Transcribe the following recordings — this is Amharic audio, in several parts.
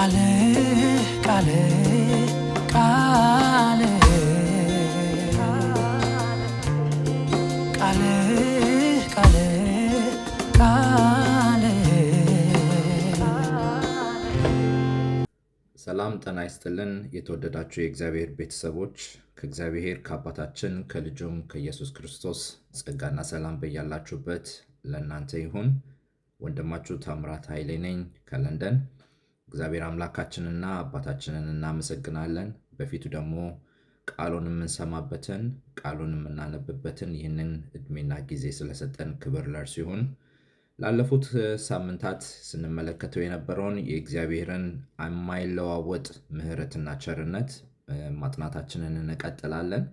ቃል ሰላም ጤና ይስጥልን። የተወደዳችሁ የእግዚአብሔር ቤተሰቦች ከእግዚአብሔር ከአባታችን ከልጁም ከኢየሱስ ክርስቶስ ጸጋና ሰላም በያላችሁበት ለእናንተ ይሁን። ወንድማችሁ ታምራት ኃይሌ ነኝ ከለንደን እግዚአብሔር አምላካችንና አባታችንን እናመሰግናለን። በፊቱ ደግሞ ቃሉን የምንሰማበትን ቃሉን የምናነብበትን ይህንን እድሜና ጊዜ ስለሰጠን ክብር ለእርሱ ይሁን። ላለፉት ሳምንታት ስንመለከተው የነበረውን የእግዚአብሔርን የማይለዋወጥ ምሕረትና ቸርነት ማጥናታችንን እንቀጥላለን።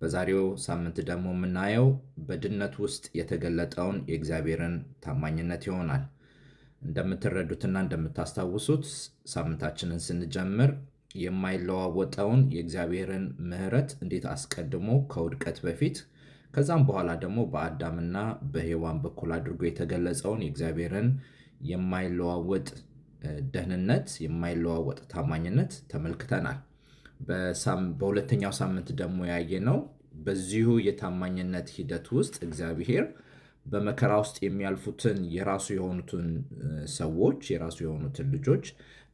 በዛሬው ሳምንት ደግሞ የምናየው በድነት ውስጥ የተገለጠውን የእግዚአብሔርን ታማኝነት ይሆናል። እንደምትረዱትና እንደምታስታውሱት ሳምንታችንን ስንጀምር የማይለዋወጠውን የእግዚአብሔርን ምሕረት እንዴት አስቀድሞ ከውድቀት በፊት ከዛም በኋላ ደግሞ በአዳምና በሔዋን በኩል አድርጎ የተገለጸውን የእግዚአብሔርን የማይለዋወጥ ደህንነት፣ የማይለዋወጥ ታማኝነት ተመልክተናል። በሁለተኛው ሳምንት ደግሞ ያየ ነው በዚሁ የታማኝነት ሂደት ውስጥ እግዚአብሔር በመከራ ውስጥ የሚያልፉትን የራሱ የሆኑትን ሰዎች የራሱ የሆኑትን ልጆች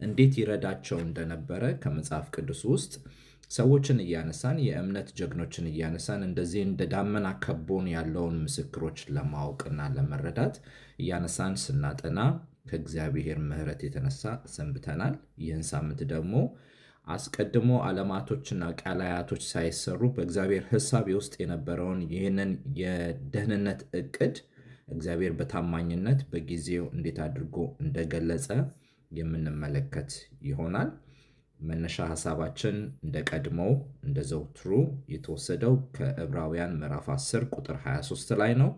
እንዴት ይረዳቸው እንደነበረ ከመጽሐፍ ቅዱስ ውስጥ ሰዎችን እያነሳን የእምነት ጀግኖችን እያነሳን እንደዚህ እንደ ዳመና ከቦን ያለውን ምስክሮች ለማወቅና ለመረዳት እያነሳን ስናጠና ከእግዚአብሔር ምሕረት የተነሳ ሰንብተናል። ይህን ሳምንት ደግሞ አስቀድሞ አለማቶችና ቀላያቶች ሳይሰሩ በእግዚአብሔር ሕሳቤ ውስጥ የነበረውን ይህንን የደህንነት እቅድ እግዚአብሔር በታማኝነት በጊዜው እንዴት አድርጎ እንደገለጸ የምንመለከት ይሆናል። መነሻ ሀሳባችን እንደ ቀድሞው እንደ ዘውትሩ የተወሰደው ከዕብራውያን ምዕራፍ 10 ቁጥር 23 ላይ ነው።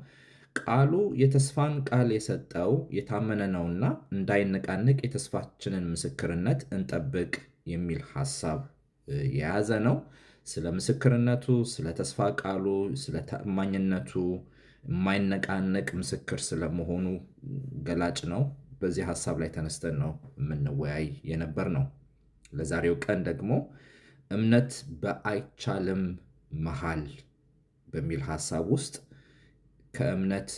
ቃሉ የተስፋን ቃል የሰጠው የታመነ ነውና እንዳይነቃነቅ የተስፋችንን ምስክርነት እንጠብቅ የሚል ሀሳብ የያዘ ነው። ስለ ምስክርነቱ፣ ስለ ተስፋ ቃሉ፣ ስለ ታማኝነቱ የማይነቃነቅ ምስክር ስለመሆኑ ገላጭ ነው። በዚህ ሀሳብ ላይ ተነስተን ነው የምንወያይ የነበር ነው። ለዛሬው ቀን ደግሞ እምነት በአይቻልም መሃል በሚል ሀሳብ ውስጥ ከእምነት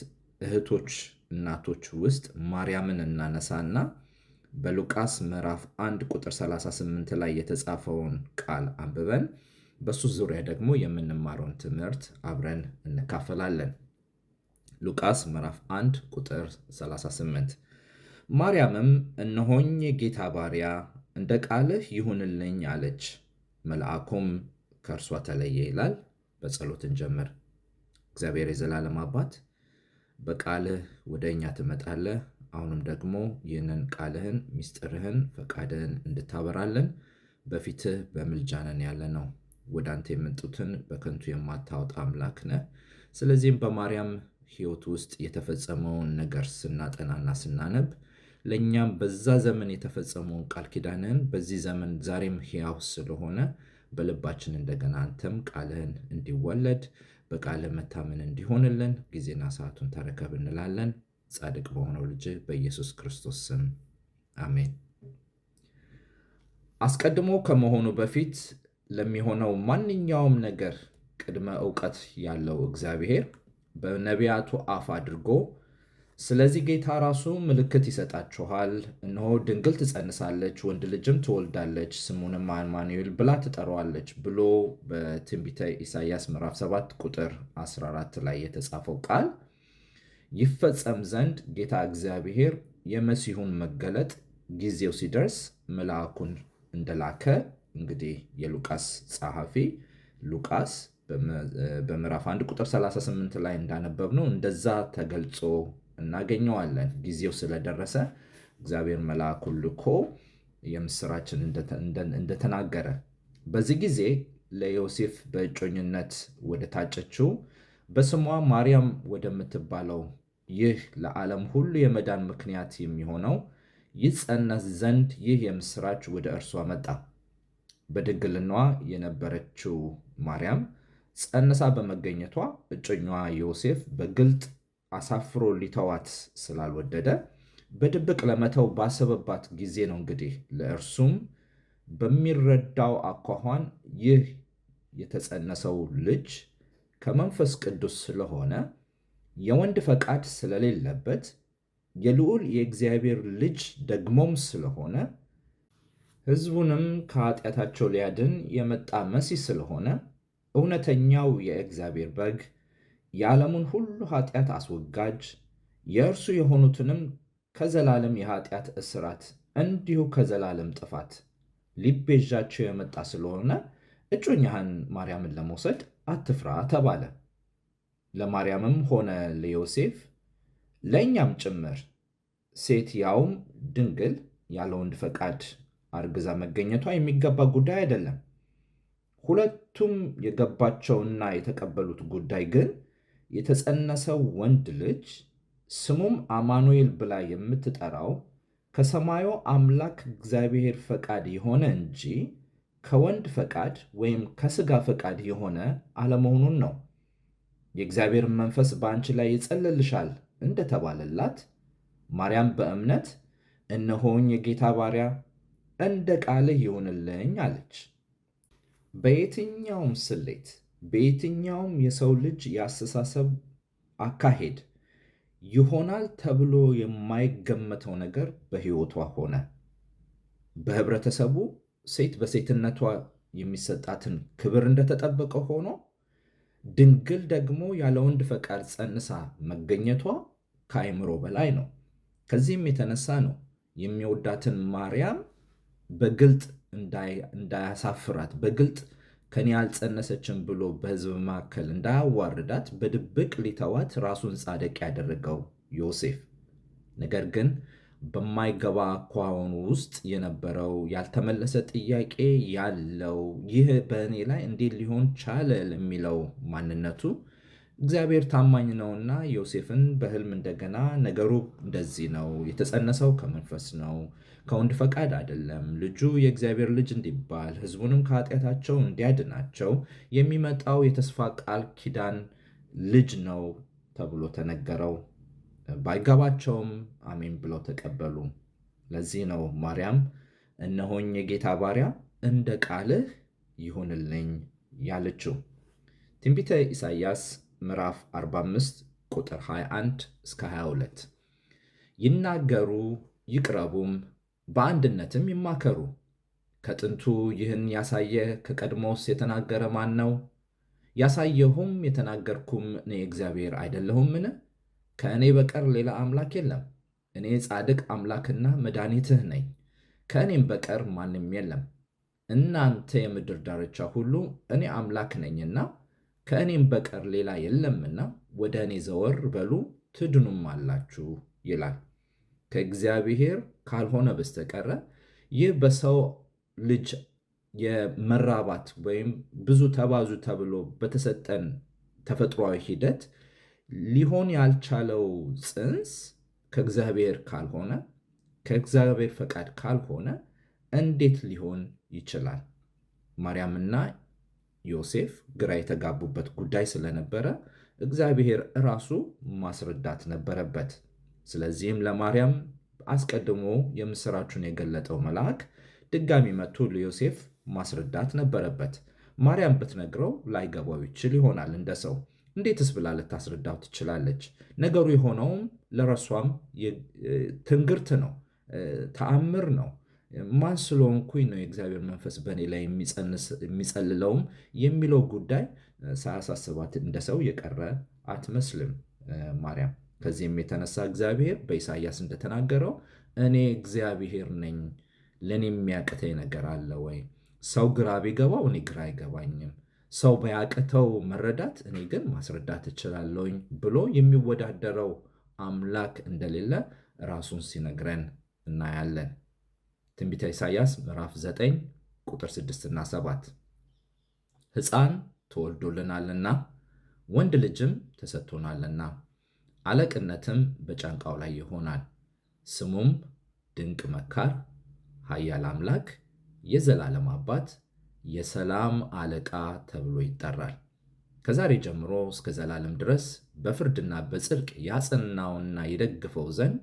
እህቶች እናቶች ውስጥ ማርያምን እናነሳና በሉቃስ ምዕራፍ 1 ቁጥር 38 ላይ የተጻፈውን ቃል አንብበን በሱ ዙሪያ ደግሞ የምንማረውን ትምህርት አብረን እንካፈላለን። ሉቃስ ምዕራፍ 1 ቁጥር 38 ማርያምም እነሆኝ ጌታ ባሪያ እንደ ቃልህ ይሁንልኝ አለች። መልአኩም ከእርሷ ተለየ ይላል። በጸሎትን ጀምር እግዚአብሔር የዘላለም አባት በቃልህ ወደ እኛ ትመጣለህ አሁንም ደግሞ ይህንን ቃልህን፣ ሚስጥርህን ፈቃድህን እንድታበራለን በፊትህ በምልጃነን ያለ ነው። ወደ አንተ የመጡትን በከንቱ የማታወጣ አምላክ ነህ። ስለዚህም በማርያም ህይወት ውስጥ የተፈጸመውን ነገር ስናጠናና ስናነብ ለእኛም በዛ ዘመን የተፈጸመውን ቃል ኪዳንህን በዚህ ዘመን ዛሬም ሕያው ስለሆነ በልባችን እንደገና አንተም ቃልህን እንዲወለድ በቃልህ መታመን እንዲሆንልን ጊዜና ሰዓቱን ተረከብ እንላለን። ጻድቅ በሆነው ልጅ በኢየሱስ ክርስቶስ ስም አሜን። አስቀድሞ ከመሆኑ በፊት ለሚሆነው ማንኛውም ነገር ቅድመ እውቀት ያለው እግዚአብሔር በነቢያቱ አፍ አድርጎ ስለዚህ ጌታ ራሱ ምልክት ይሰጣችኋል፣ እነሆ ድንግል ትጸንሳለች፣ ወንድ ልጅም ትወልዳለች፣ ስሙንም አማኑኤል ብላ ትጠራዋለች ብሎ በትንቢተ ኢሳያስ ምዕራፍ 7 ቁጥር 14 ላይ የተጻፈው ቃል ይፈጸም ዘንድ ጌታ እግዚአብሔር የመሲሁን መገለጥ ጊዜው ሲደርስ መልአኩን እንደላከ እንግዲህ የሉቃስ ጸሐፊ ሉቃስ በምዕራፍ 1 ቁጥር 38 ላይ እንዳነበብ ነው እንደዛ ተገልጾ እናገኘዋለን። ጊዜው ስለደረሰ እግዚአብሔር መልአኩን ልኮ የምስራችን እንደተናገረ በዚህ ጊዜ ለዮሴፍ በእጮኝነት ወደ ታጨችው በስሟ ማርያም ወደምትባለው ይህ ለዓለም ሁሉ የመዳን ምክንያት የሚሆነው ይጸነስ ዘንድ ይህ የምስራች ወደ እርሷ መጣ። በድንግልናዋ የነበረችው ማርያም ጸንሳ በመገኘቷ እጮኛዋ ዮሴፍ በግልጥ አሳፍሮ ሊተዋት ስላልወደደ በድብቅ ለመተው ባሰበባት ጊዜ ነው። እንግዲህ ለእርሱም በሚረዳው አኳኋን ይህ የተጸነሰው ልጅ ከመንፈስ ቅዱስ ስለሆነ የወንድ ፈቃድ ስለሌለበት የልዑል የእግዚአብሔር ልጅ ደግሞም ስለሆነ ሕዝቡንም ከኃጢአታቸው ሊያድን የመጣ መሲህ ስለሆነ እውነተኛው የእግዚአብሔር በግ የዓለሙን ሁሉ ኃጢአት አስወጋጅ የእርሱ የሆኑትንም ከዘላለም የኃጢአት እስራት እንዲሁ ከዘላለም ጥፋት ሊቤዣቸው የመጣ ስለሆነ እጮኛህን ማርያምን ለመውሰድ አትፍራ ተባለ። ለማርያምም ሆነ ለዮሴፍ ለእኛም ጭምር ሴት ያውም ድንግል ያለ ወንድ ፈቃድ አርግዛ መገኘቷ የሚገባ ጉዳይ አይደለም። ሁለቱም የገባቸውና የተቀበሉት ጉዳይ ግን የተጸነሰው ወንድ ልጅ ስሙም አማኑኤል ብላ የምትጠራው ከሰማዩ አምላክ እግዚአብሔር ፈቃድ የሆነ እንጂ ከወንድ ፈቃድ ወይም ከሥጋ ፈቃድ የሆነ አለመሆኑን ነው። የእግዚአብሔር መንፈስ በአንቺ ላይ ይጸልልሻል እንደተባለላት ማርያም በእምነት እነሆኝ የጌታ ባሪያ እንደ ቃልህ ይሆንልኝ አለች። በየትኛውም ስሌት፣ በየትኛውም የሰው ልጅ የአስተሳሰብ አካሄድ ይሆናል ተብሎ የማይገመተው ነገር በሕይወቷ ሆነ። በህብረተሰቡ ሴት በሴትነቷ የሚሰጣትን ክብር እንደተጠበቀ ሆኖ ድንግል ደግሞ ያለ ወንድ ፈቃድ ጸንሳ መገኘቷ ከአእምሮ በላይ ነው። ከዚህም የተነሳ ነው የሚወዳትን ማርያም በግልጥ እንዳያሳፍራት በግልጥ ከኔ አልጸነሰችም ብሎ በሕዝብ መካከል እንዳያዋርዳት በድብቅ ሊተዋት ራሱን ጻድቅ ያደረገው ዮሴፍ ነገር ግን በማይገባ አኳኋን ውስጥ የነበረው ያልተመለሰ ጥያቄ ያለው ይህ በእኔ ላይ እንዴት ሊሆን ቻለ የሚለው ማንነቱ እግዚአብሔር ታማኝ ነውና ዮሴፍን በህልም እንደገና ነገሩ እንደዚህ ነው፣ የተጸነሰው ከመንፈስ ነው፣ ከወንድ ፈቃድ አይደለም፣ ልጁ የእግዚአብሔር ልጅ እንዲባል ህዝቡንም ከኃጢአታቸው እንዲያድናቸው የሚመጣው የተስፋ ቃል ኪዳን ልጅ ነው ተብሎ ተነገረው። ባይገባቸውም አሜን ብለው ተቀበሉ። ለዚህ ነው ማርያም እነሆኝ የጌታ ባሪያ እንደ ቃልህ ይሁንልኝ ያለችው። ትንቢተ ኢሳይያስ ምዕራፍ 45 ቁጥር 21 እስከ 22 ይናገሩ ይቅረቡም፣ በአንድነትም ይማከሩ። ከጥንቱ ይህን ያሳየ ከቀድሞስ የተናገረ ማን ነው? ያሳየሁም የተናገርኩም እኔ እግዚአብሔር አይደለሁምን? ከእኔ በቀር ሌላ አምላክ የለም። እኔ ጻድቅ አምላክና መድኃኒትህ ነኝ፣ ከእኔም በቀር ማንም የለም። እናንተ የምድር ዳርቻ ሁሉ እኔ አምላክ ነኝና ከእኔም በቀር ሌላ የለምና ወደ እኔ ዘወር በሉ ትድኑም አላችሁ ይላል። ከእግዚአብሔር ካልሆነ በስተቀረ ይህ በሰው ልጅ የመራባት ወይም ብዙ ተባዙ ተብሎ በተሰጠን ተፈጥሯዊ ሂደት ሊሆን ያልቻለው ጽንስ ከእግዚአብሔር ካልሆነ ከእግዚአብሔር ፈቃድ ካልሆነ እንዴት ሊሆን ይችላል? ማርያምና ዮሴፍ ግራ የተጋቡበት ጉዳይ ስለነበረ እግዚአብሔር ራሱ ማስረዳት ነበረበት። ስለዚህም ለማርያም አስቀድሞ የምስራቹን የገለጠው መልአክ ድጋሚ መጥቶ ለዮሴፍ ማስረዳት ነበረበት። ማርያም ብትነግረው ላይገባው ይችል ይሆናል እንደ ሰው እንዴትስ ብላ ልታስረዳው ትችላለች? ነገሩ የሆነውም ለረሷም ትንግርት ነው፣ ተአምር ነው። ማን ስለሆንኩኝ ነው የእግዚአብሔር መንፈስ በእኔ ላይ የሚጸልለውም የሚለው ጉዳይ ሳያሳስባት እንደ ሰው የቀረ አትመስልም ማርያም። ከዚህም የተነሳ እግዚአብሔር በኢሳያስ እንደተናገረው እኔ እግዚአብሔር ነኝ፣ ለእኔ የሚያቅተኝ ነገር አለ ወይ? ሰው ግራ ቢገባው እኔ ግራ አይገባኝም ሰው በያቀተው መረዳት እኔ ግን ማስረዳት እችላለሁኝ ብሎ የሚወዳደረው አምላክ እንደሌለ ራሱን ሲነግረን እናያለን። ትንቢተ ኢሳያስ ምዕራፍ 9 ቁጥር 6 እና 7 ሕፃን ተወልዶልናልና ወንድ ልጅም ተሰጥቶናልና አለቅነትም በጫንቃው ላይ ይሆናል። ስሙም ድንቅ መካር፣ ኃያል አምላክ፣ የዘላለም አባት የሰላም አለቃ ተብሎ ይጠራል። ከዛሬ ጀምሮ እስከ ዘላለም ድረስ በፍርድና በጽድቅ ያጸናውና የደግፈው ዘንድ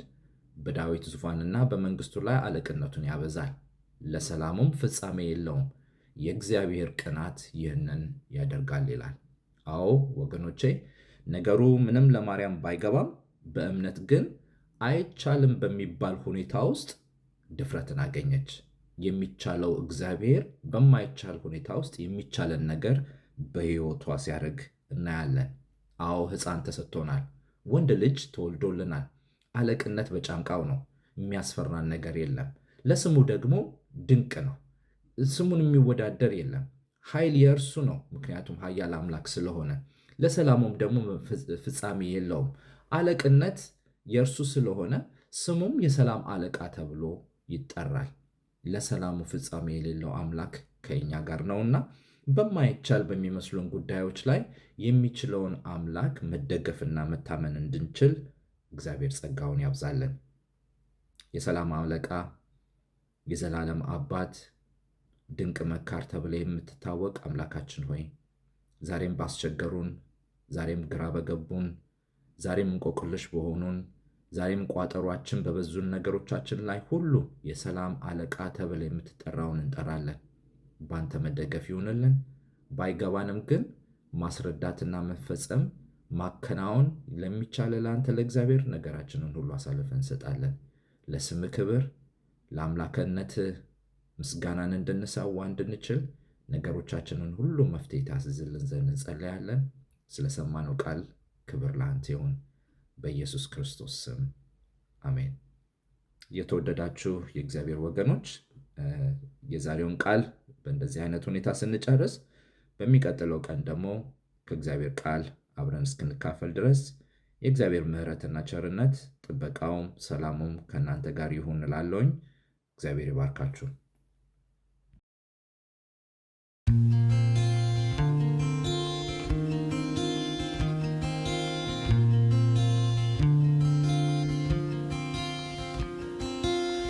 በዳዊት ዙፋንና በመንግስቱ ላይ አለቅነቱን ያበዛል፣ ለሰላሙም ፍጻሜ የለውም። የእግዚአብሔር ቅናት ይህንን ያደርጋል ይላል። አዎ ወገኖቼ፣ ነገሩ ምንም ለማርያም ባይገባም በእምነት ግን አይቻልም በሚባል ሁኔታ ውስጥ ድፍረትን አገኘች። የሚቻለው እግዚአብሔር በማይቻል ሁኔታ ውስጥ የሚቻለን ነገር በሕይወቷ ሲያደርግ እናያለን። አዎ ሕፃን ተሰጥቶናል። ወንድ ልጅ ተወልዶልናል። አለቅነት በጫንቃው ነው። የሚያስፈራን ነገር የለም። ለስሙ ደግሞ ድንቅ ነው። ስሙን የሚወዳደር የለም። ኃይል የእርሱ ነው፣ ምክንያቱም ኃያል አምላክ ስለሆነ። ለሰላሙም ደግሞ ፍጻሜ የለውም። አለቅነት የእርሱ ስለሆነ ስሙም የሰላም አለቃ ተብሎ ይጠራል። ለሰላሙ ፍጻሜ የሌለው አምላክ ከኛ ጋር ነውና በማይቻል በሚመስሉን ጉዳዮች ላይ የሚችለውን አምላክ መደገፍና መታመን እንድንችል እግዚአብሔር ጸጋውን ያብዛለን። የሰላም አለቃ፣ የዘላለም አባት፣ ድንቅ መካር ተብለ የምትታወቅ አምላካችን ሆይ ዛሬም ባስቸገሩን፣ ዛሬም ግራ በገቡን፣ ዛሬም እንቆቅልሽ በሆኑን ዛሬም ቋጠሯችን በበዙን ነገሮቻችን ላይ ሁሉ የሰላም አለቃ ተብለ የምትጠራውን እንጠራለን። ባንተ መደገፍ ይሁንልን። ባይገባንም ግን ማስረዳትና መፈጸም ማከናወን ለሚቻለ ለአንተ ለእግዚአብሔር ነገራችንን ሁሉ አሳልፈ እንሰጣለን። ለስም ክብር ለአምላከነት ምስጋናን እንድንሰዋ እንድንችል ነገሮቻችንን ሁሉ መፍትሄ ታስዝልን ዘንድ እንጸለያለን። ስለሰማነው ቃል ክብር ለአንተ ይሁን። በኢየሱስ ክርስቶስ ስም አሜን። የተወደዳችሁ የእግዚአብሔር ወገኖች የዛሬውን ቃል በእንደዚህ አይነት ሁኔታ ስንጨርስ በሚቀጥለው ቀን ደግሞ ከእግዚአብሔር ቃል አብረን እስክንካፈል ድረስ የእግዚአብሔር ምሕረትና ቸርነት ጥበቃውም ሰላሙም ከእናንተ ጋር ይሁን እላለሁኝ። እግዚአብሔር ይባርካችሁ።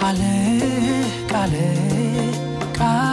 ቃል ቃል